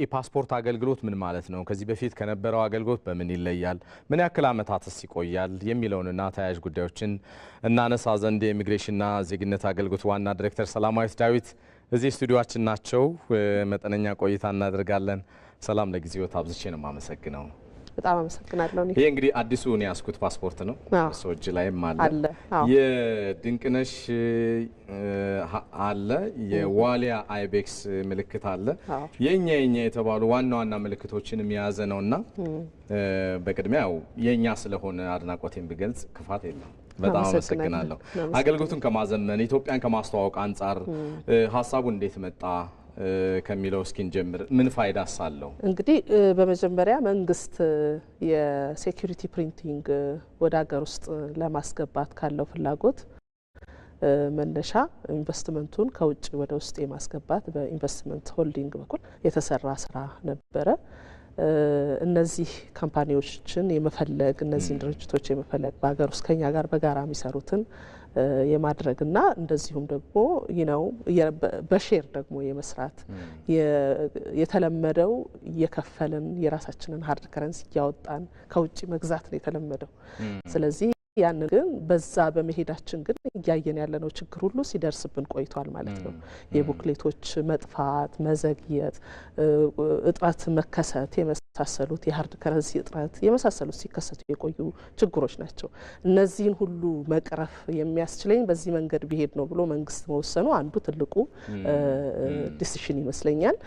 የፓስፖርት አገልግሎት ምን ማለት ነው? ከዚህ በፊት ከነበረው አገልግሎት በምን ይለያል? ምን ያክል ዓመታትስ ይቆያል? የሚለውንና ተያያዥ ጉዳዮችን እናነሳ ዘንድ የኢሚግሬሽንና ዜግነት አገልግሎት ዋና ዲሬክተር ሰላማዊት ዳዊት እዚህ ስቱዲዮችን ናቸው። መጠነኛ ቆይታ እናደርጋለን። ሰላም ለጊዜው ታብዝቼ ነው የማመሰግነው። በጣም አመሰግናለሁ። ይሄ እንግዲህ አዲሱ እኔ ያስኩት ፓስፖርት ነው። ሰዎች ላይም አለ አለ የድንቅነሽ አለ የዋሊያ አይቤክስ ምልክት አለ የኛ የኛ የተባሉ ዋና ዋና ምልክቶችን የያዘ ነውና በቅድሚያ ያው የኛ ስለሆነ አድናቆቴን ብገልጽ ክፋት የለም። በጣም አመሰግናለሁ። አገልግሎቱን ከማዘመን ኢትዮጵያን ከማስተዋወቅ አንጻር ሀሳቡ እንዴት መጣ ከሚለው እስኪ ጀምር ምን ፋይዳ አለው? እንግዲህ በመጀመሪያ መንግስት የሴኩሪቲ ፕሪንቲንግ ወደ ሀገር ውስጥ ለማስገባት ካለው ፍላጎት መነሻ ኢንቨስትመንቱን ከውጭ ወደ ውስጥ የማስገባት በኢንቨስትመንት ሆልዲንግ በኩል የተሰራ ስራ ነበረ። እነዚህ ካምፓኒዎችን የመፈለግ እነዚህን ድርጅቶች የመፈለግ በሀገር ውስጥ ከኛ ጋር በጋራ የሚሰሩትን የማድረግና እንደዚሁም ደግሞ ነው በሼር ደግሞ የመስራት የተለመደው እየከፈልን የራሳችንን ሀርድ ከረንስ እያወጣን ከውጭ መግዛት ነው የተለመደው። ስለዚህ ያንን ግን በዛ በመሄዳችን ግን እያየን ያለነው ችግር ሁሉ ሲደርስብን ቆይቷል ማለት ነው። የቡክሌቶች መጥፋት፣ መዘግየት፣ እጥረት መከሰት የመሳሰሉት የሀርድ ከረንሲ እጥረት የመሳሰሉት ሲከሰቱ የቆዩ ችግሮች ናቸው። እነዚህን ሁሉ መቅረፍ የሚያስችለኝ በዚህ መንገድ ቢሄድ ነው ብሎ መንግስት መወሰኑ አንዱ ትልቁ ዲሲሽን ይመስለኛል።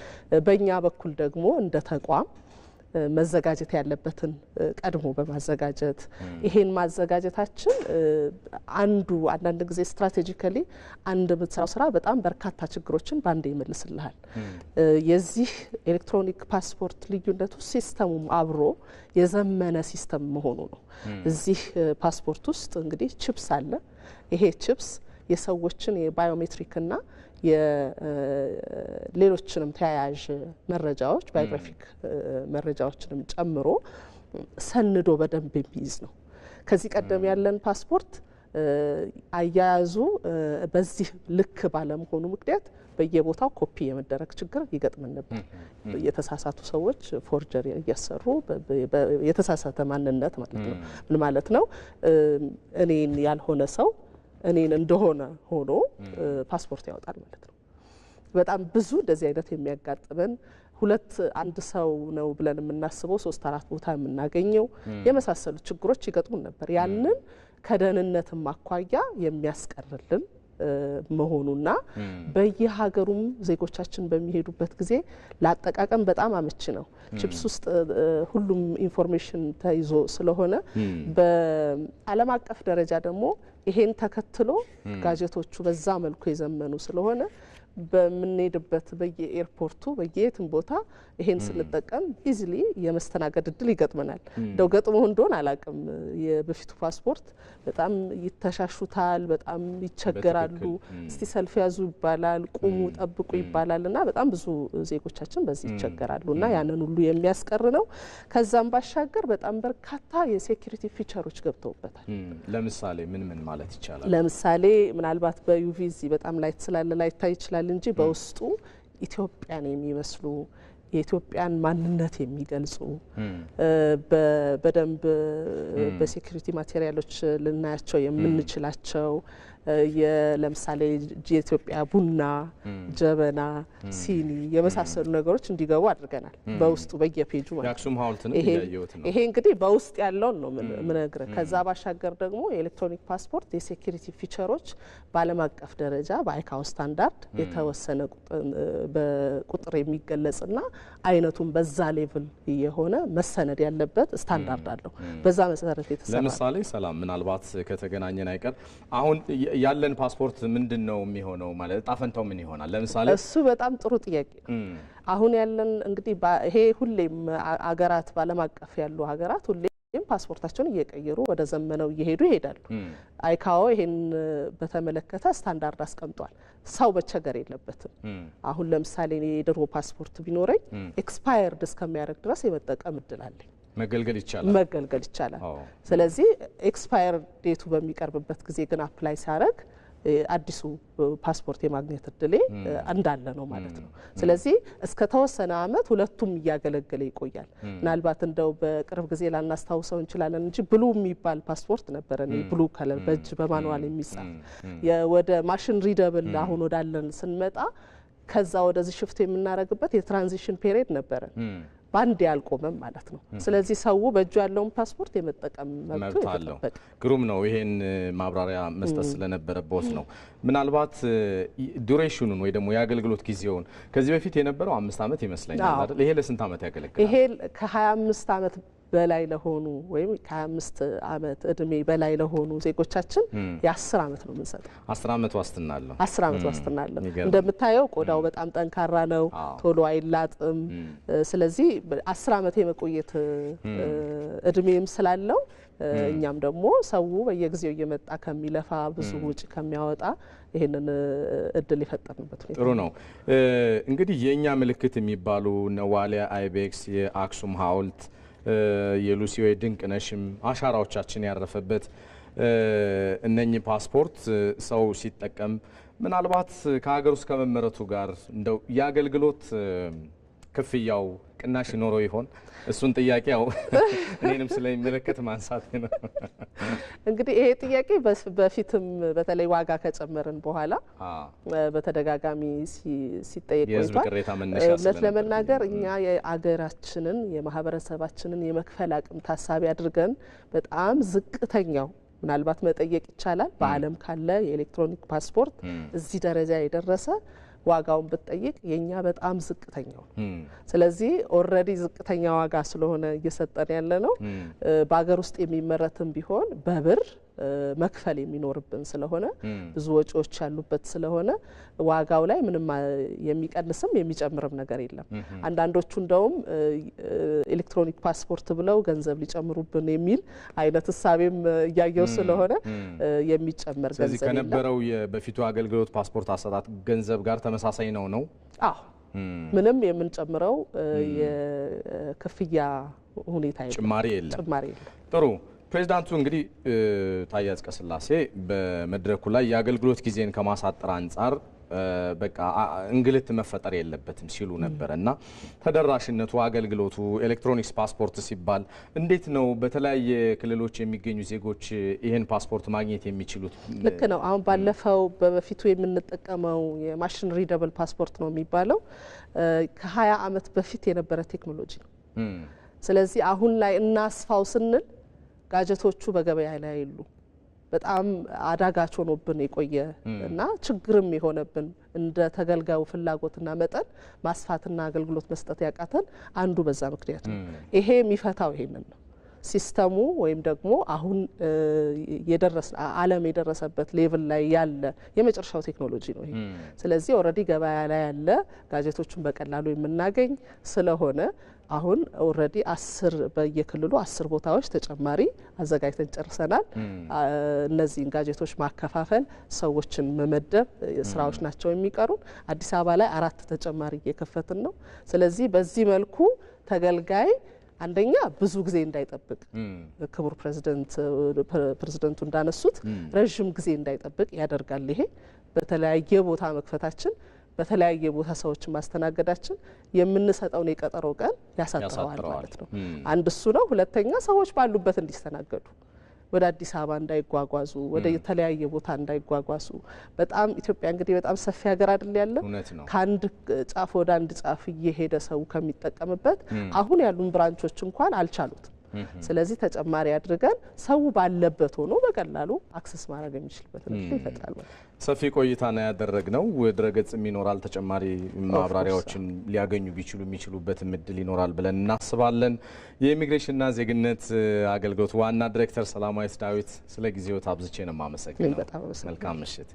በእኛ በኩል ደግሞ እንደ ተቋም መዘጋጀት ያለበትን ቀድሞ በማዘጋጀት ይሄን ማዘጋጀታችን አንዱ አንዳንድ ጊዜ ስትራቴጂካሊ አንድ የምትሰራው ስራ በጣም በርካታ ችግሮችን በአንድ ይመልስልሃል። የዚህ ኤሌክትሮኒክ ፓስፖርት ልዩነቱ ሲስተሙም አብሮ የዘመነ ሲስተም መሆኑ ነው። እዚህ ፓስፖርት ውስጥ እንግዲህ ችፕስ አለ። ይሄ ችፕስ የሰዎችን የባዮሜትሪክና የሌሎችንም ተያያዥ መረጃዎች ባዮግራፊክ መረጃዎችንም ጨምሮ ሰንዶ በደንብ የሚይዝ ነው። ከዚህ ቀደም ያለን ፓስፖርት አያያዙ በዚህ ልክ ባለመሆኑ ምክንያት በየቦታው ኮፒ የመደረግ ችግር ይገጥመን ነበር። የተሳሳቱ ሰዎች ፎርጀሪ እያሰሩ የተሳሳተ ማንነት ማለት ነው። ምን ማለት ነው? እኔን ያልሆነ ሰው እኔን እንደሆነ ሆኖ ፓስፖርት ያወጣል ማለት ነው። በጣም ብዙ እንደዚህ አይነት የሚያጋጥመን ሁለት አንድ ሰው ነው ብለን የምናስበው ሶስት አራት ቦታ የምናገኘው የመሳሰሉ ችግሮች ይገጥሙን ነበር። ያንን ከደህንነትም አኳያ የሚያስቀርልን መሆኑና በየሀገሩም ዜጎቻችን በሚሄዱበት ጊዜ ለአጠቃቀም በጣም አመቺ ነው። ችብስ ውስጥ ሁሉም ኢንፎርሜሽን ተይዞ ስለሆነ በዓለም አቀፍ ደረጃ ደግሞ ይሄን ተከትሎ ጋጀቶቹ በዛ መልኩ የዘመኑ ስለሆነ በምንሄድበት በየኤርፖርቱ በየትም ቦታ ይሄን ስንጠቀም ኢዚሊ የመስተናገድ እድል ይገጥመናል። እንደው ገጥሞ እንደሆን አላቅም። የበፊቱ ፓስፖርት በጣም ይተሻሹታል፣ በጣም ይቸገራሉ። እስቲ ሰልፍ ያዙ ይባላል፣ ቁሙ ጠብቁ ይባላል እና በጣም ብዙ ዜጎቻችን በዚህ ይቸገራሉ እና ያንን ሁሉ የሚያስቀር ነው። ከዛም ባሻገር በጣም በርካታ የሴኩሪቲ ፊቸሮች ገብተውበታል። ለምሳሌ ምን ምን ማለት ይቻላል? ለምሳሌ ምናልባት በዩቪዚ በጣም ላይት ስላለ ላይታይ ይችላል ይችላል እንጂ በውስጡ ኢትዮጵያን የሚመስሉ የኢትዮጵያን ማንነት የሚገልጹ በደንብ በሴኩሪቲ ማቴሪያሎች ልናያቸው የምንችላቸው ለምሳሌ የኢትዮጵያ ቡና፣ ጀበና፣ ሲኒ የመሳሰሉ ነገሮች እንዲገቡ አድርገናል። በውስጡ በየፔጁ ነው። ይሄ እንግዲህ በውስጥ ያለውን ነው ምነግረ ከዛ ባሻገር ደግሞ የኤሌክትሮኒክ ፓስፖርት የሴኪሪቲ ፊቸሮች በዓለም አቀፍ ደረጃ በአይካው ስታንዳርድ የተወሰነ በቁጥር የሚገለጽና አይነቱን በዛ ሌቭል የሆነ መሰነድ ያለበት ስታንዳርድ አለው። በዛ መሰረት የተሰራ ለምሳሌ ሰላም ምናልባት ከተገናኘን አይቀር አሁን ያለን ፓስፖርት ምንድን ነው የሚሆነው? ማለት እጣ ምን ይሆናል? ለምሳሌ እሱ በጣም ጥሩ ጥያቄ ነው። አሁን ያለን እንግዲህ ይሄ ሁሌም አገራት በዓለም አቀፍ ያሉ ሀገራት ሁሌ ፓስፖርታቸውን እየቀየሩ ወደ ዘመነው እየሄዱ ይሄዳሉ። አይካዎ ይሄን በተመለከተ ስታንዳርድ አስቀምጧል። ሰው መቸገር የለበትም። አሁን ለምሳሌ የድሮ ፓስፖርት ቢኖረኝ ኤክስፓየርድ እስከሚያደርግ ድረስ የመጠቀም እድል አለኝ። መገልገል ይቻላል መገልገል ይቻላል። ስለዚህ ኤክስፓየር ዴቱ በሚቀርብበት ጊዜ ግን አፕላይ ሲያደርግ አዲሱ ፓስፖርት የማግኘት እድሌ እንዳለ ነው ማለት ነው። ስለዚህ እስከ ተወሰነ አመት ሁለቱም እያገለገለ ይቆያል። ምናልባት እንደው በቅርብ ጊዜ ላናስታውሰው እንችላለን እንጂ ብሉ የሚባል ፓስፖርት ነበረ። ብሉ ከለር በእጅ በማንዋል የሚጻፍ ወደ ማሽን ሪደብል አሁን ወዳለን ስንመጣ ከዛ ወደዚህ ሽፍት የምናደርግበት የትራንዚሽን ፔሪድ ነበረ። ባንድ ያልቆመም ማለት ነው። ስለዚህ ሰው በእጁ ያለውን ፓስፖርት የመጠቀም መብቱ አለው። ግሩም ነው። ይሄን ማብራሪያ መስጠት ስለነበረበት ነው። ምናልባት ዱሬሽኑን ወይ ደግሞ የአገልግሎት ጊዜውን ከዚህ በፊት የነበረው አምስት ዓመት ይመስለኛል ይሄ ለስንት ዓመት ያገለግላል? ይሄ ከ25 ዓመት በላይ ለሆኑ ወይም ከአምስት አመት እድሜ በላይ ለሆኑ ዜጎቻችን የአስር ዓመት ነው የምንሰጠው። አስር አመት ዋስትና አለው። አስር አመት ዋስትና አለው። እንደምታየው ቆዳው በጣም ጠንካራ ነው፣ ቶሎ አይላጥም። ስለዚህ አስር አመት የመቆየት እድሜም ስላለው እኛም ደግሞ ሰው በየጊዜው እየመጣ ከሚለፋ ብዙ ውጭ ከሚያወጣ ይህንን እድል የፈጠርንበት ሁኔታ ጥሩ ነው። እንግዲህ የእኛ ምልክት የሚባሉ ነዋሊያ አይቤክስ፣ የአክሱም ሀውልት የሉሲዮ ድንቅነሽም አሻራዎቻችን ያረፈበት እነኚህ ፓስፖርት ሰው ሲጠቀም ምናልባት ከሀገር ውስጥ ከመመረቱ ጋር እንደው የአገልግሎት ክፍያው ቅናሽ ኖሮ ይሆን? እሱን ጥያቄ ያው እኔንም ስለሚመለከት ማንሳት ነው። እንግዲህ ይሄ ጥያቄ በፊትም በተለይ ዋጋ ከጨመርን በኋላ በተደጋጋሚ ሲጠየቅ ቆይቷል። እውነት ለመናገር እኛ የአገራችንን የማህበረሰባችንን የመክፈል አቅም ታሳቢ አድርገን በጣም ዝቅተኛው ምናልባት መጠየቅ ይቻላል በዓለም ካለ የኤሌክትሮኒክ ፓስፖርት እዚህ ደረጃ የደረሰ ዋጋውን ብትጠይቅ የኛ በጣም ዝቅተኛው ነው። ስለዚህ ኦልሬዲ ዝቅተኛ ዋጋ ስለሆነ እየሰጠን ያለ ነው። በሀገር ውስጥ የሚመረትም ቢሆን በብር መክፈል የሚኖርብን ስለሆነ ብዙ ወጪዎች ያሉበት ስለሆነ ዋጋው ላይ ምንም የሚቀንስም የሚጨምርም ነገር የለም። አንዳንዶቹ እንደውም ኤሌክትሮኒክ ፓስፖርት ብለው ገንዘብ ሊጨምሩብን የሚል አይነት እሳቤም እያየው ስለሆነ የሚጨምር ገንዘብ ስለዚህ ከነበረው በፊቱ አገልግሎት ፓስፖርት አሰጣጥ ገንዘብ ጋር ተመሳሳይ ነው ነው? አዎ ምንም የምንጨምረው የክፍያ ሁኔታ ጭማሪ የለም። ጥሩ ፕሬዚዳንቱ እንግዲህ ታዬ አጽቀሥላሴ በመድረኩ ላይ የአገልግሎት ጊዜን ከማሳጠር አንጻር በቃ እንግልት መፈጠር የለበትም ሲሉ ነበረ እና ተደራሽነቱ አገልግሎቱ ኤሌክትሮኒክስ ፓስፖርት ሲባል እንዴት ነው በተለያየ ክልሎች የሚገኙ ዜጎች ይህን ፓስፖርት ማግኘት የሚችሉት? ልክ ነው። አሁን ባለፈው በበፊቱ የምንጠቀመው የማሽን ሪደብል ፓስፖርት ነው የሚባለው ከ20 ዓመት በፊት የነበረ ቴክኖሎጂ ነው። ስለዚህ አሁን ላይ እናስፋው ስንል ጋጀቶቹ በገበያ ላይ አይሉ በጣም አዳጋች ሆኖብን የቆየ እና ችግርም የሆነብን እንደ ተገልጋዩ ፍላጎትና መጠን ማስፋትና አገልግሎት መስጠት ያቃተን አንዱ በዛ ምክንያት ነው። ይሄ የሚፈታው ይሄንን ነው። ሲስተሙ ወይም ደግሞ አሁን አለም ዓለም የደረሰበት ሌቭል ላይ ያለ የመጨረሻው ቴክኖሎጂ ነው ይሄ። ስለዚህ ኦልሬዲ ገበያ ላይ ያለ ጋዜቶችን በቀላሉ የምናገኝ ስለሆነ አሁን ኦልሬዲ አስር በየክልሉ አስር ቦታዎች ተጨማሪ አዘጋጅተን ጨርሰናል። እነዚህን ጋዜቶች ማከፋፈል፣ ሰዎችን መመደብ ስራዎች ናቸው የሚቀሩን። አዲስ አበባ ላይ አራት ተጨማሪ እየከፈትን ነው። ስለዚህ በዚህ መልኩ ተገልጋይ አንደኛ ብዙ ጊዜ እንዳይጠብቅ ክቡር ፕሬዚደንት ፕሬዚደንቱ እንዳነሱት ረዥም ጊዜ እንዳይጠብቅ ያደርጋል። ይሄ በተለያየ ቦታ መክፈታችን በተለያየ ቦታ ሰዎችን ማስተናገዳችን የምንሰጠውን የቀጠሮ ቀን ያሳጥረዋል ማለት ነው። አንድ እሱ ነው። ሁለተኛ ሰዎች ባሉበት እንዲስተናገዱ ወደ አዲስ አበባ እንዳይጓጓዙ ወደ የተለያየ ቦታ እንዳይጓጓዙ። በጣም ኢትዮጵያ እንግዲህ በጣም ሰፊ ሀገር አይደል ያለ ከአንድ ጫፍ ወደ አንድ ጫፍ እየሄደ ሰው ከሚጠቀምበት አሁን ያሉን ብራንቾች እንኳን አልቻሉት ስለዚህ ተጨማሪ አድርገን ሰው ባለበት ሆኖ በቀላሉ አክሰስ ማድረግ የሚችልበት ይፈጥራል። ሰፊ ቆይታ ነው ያደረግነው። ድረገጽም ይኖራል ተጨማሪ ማብራሪያዎችን ሊያገኙ ቢችሉ የሚችሉበትም እድል ይኖራል ብለን እናስባለን። የኢሚግሬሽንና ዜግነት አገልግሎት ዋና ዲሬክተር ሰላማዊት ዳዊት ስለ ጊዜው ታብዝቼ ነው የማመሰግነው። መልካም ምሽት።